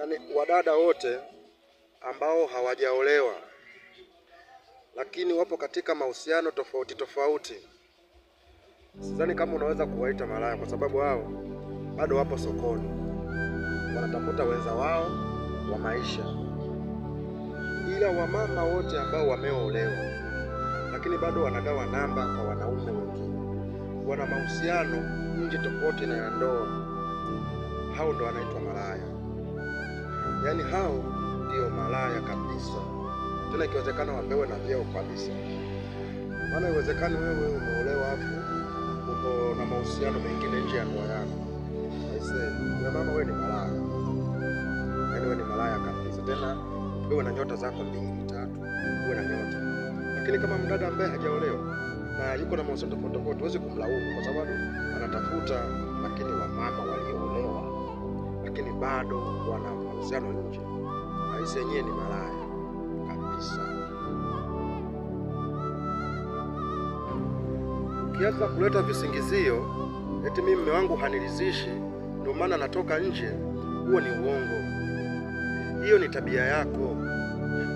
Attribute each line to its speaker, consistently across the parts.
Speaker 1: yani wadada wote ambao hawajaolewa lakini wapo katika mahusiano tofauti tofauti, sidhani kama unaweza kuwaita malaya, kwa sababu hao bado wapo sokoni, wanatafuta wenza wao wa maisha. Ila wamama wote ambao wameolewa lakini bado wanagawa namba kwa wanaume wengine, wana mahusiano nje tofauti na ya ndoa, hao ndo wanaitwa malaya. Yaani hao ndio malaya kabisa, tena ikiwezekana wapewe na vyeo kabisa, maana iwezekani wewe umeolewa hapo uko na mahusiano mengine nje ya ndoa yako. Aisee, mama wewe ni malaya, yaani wewe ni malaya kabisa, tena wewe na nyota zako mbili tatu, wewe na nyota. Lakini kama mdada ambaye hajaolewa na yuko na mahusiano tofauti tofauti, huwezi kumlaumu kwa sababu bado wana mahusiano nje. Rais yenyewe ni malaya kabisa. Ukianza kuleta visingizio eti mimi mume wangu hanilizishi ndio maana natoka nje, huo ni uongo. Hiyo ni tabia yako,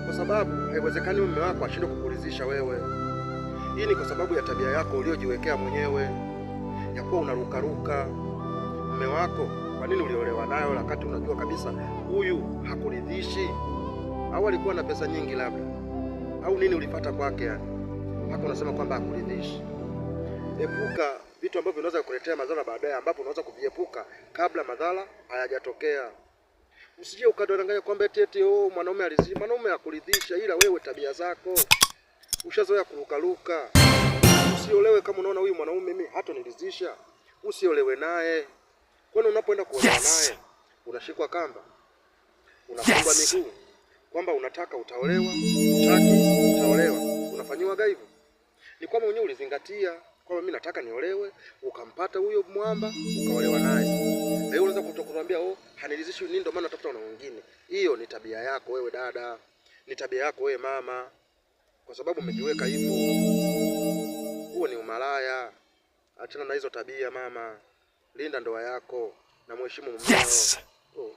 Speaker 1: kwa sababu haiwezekani mume wako ashindwe kukulizisha wewe. Hii ni kwa sababu ya tabia yako uliyojiwekea mwenyewe ya kuwa unarukaruka mume wako? Kwa nini uliolewa nayo wakati unajua kabisa huyu hakuridhishi? Au alikuwa na pesa nyingi labda, au nini ulipata kwake yani mpaka unasema kwamba hakuridhishi? Epuka vitu ambavyo vinaweza kukuletea madhara baadaye, ambapo unaweza kuviepuka kabla madhara hayajatokea. Usije ukadanganya kwamba eti eti oh, mwanaume alizima. Mwanaume hakuridhisha, ila wewe tabia zako ushazoea kurukaruka. Usiolewe kama unaona huyu mwanaume mimi hata nilizisha, usiolewe naye unapoenda kuona yes. naye unashikwa kamba, unafungwa yes. miguu kwamba unataka utaolewa, utaki utaolewa, unafanyiwa gaivu. Ni kwamba mwenyewe ulizingatia kwamba mimi nataka niolewe, ukampata huyo mwamba, ukaolewa naye. Na unaweza kutokuambia oh, hanilizishi nini, ndio maana natafuta na wengine. Hiyo ni tabia yako wewe dada, ni tabia yako wewe mama, kwa sababu umejiweka hivyo. Huo ni umalaya. Achana na hizo tabia mama, linda ndoa yako. Yes! Oh.